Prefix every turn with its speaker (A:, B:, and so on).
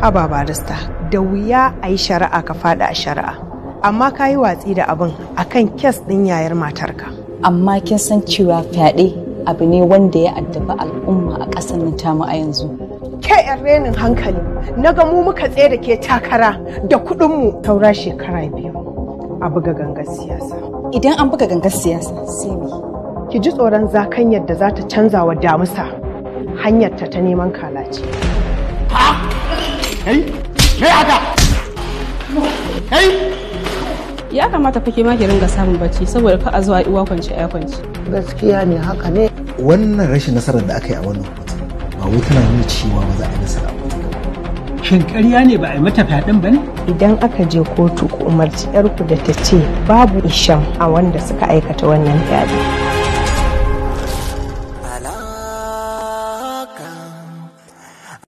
A: haba barista da wuya a yi shari'a ka fada a shari'a amma ka yi watsi da abin kan kes ɗin yayar matarka amma kin san cewa fyaɗe abu ne wanda ya addaba al'umma a ƙasar nan tamu a yanzu ke yan renin hankali na ga mu muka tsaye da ke takara da kuɗin kuɗinmu taura shekara biyu a buga gangar siyasa idan an buga gangar siyasa sai me ki ji tsoron zakan yadda za ta canza wa damusa hanyarta ta neman kalaci
B: kai me haka
A: ya kamata
C: fa ma ki ringa samun bacci saboda ka a zuwa iwa kwanci a kwanci gaskiya ne haka ne wannan
D: rashin nasarar da aka yi a wannan hoto ba wai tana nuna cewa ba za a yi nasara ba
E: shin ƙarya ne ba a yi mata fyaɗin ba ne? Idan aka je kotu ku umarci 'yarku da ta ce
F: babu isham a wanda suka aikata wannan fyaɗe.